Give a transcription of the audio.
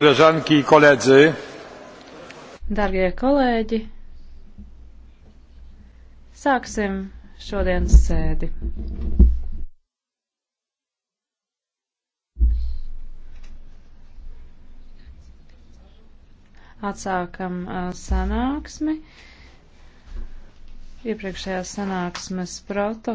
Koleżanki i koledzy. Darbie kolēģi, sāksim šodienas sēdi. Atsākam sanāksmi. Iepriekšējās sanāksmes protokols.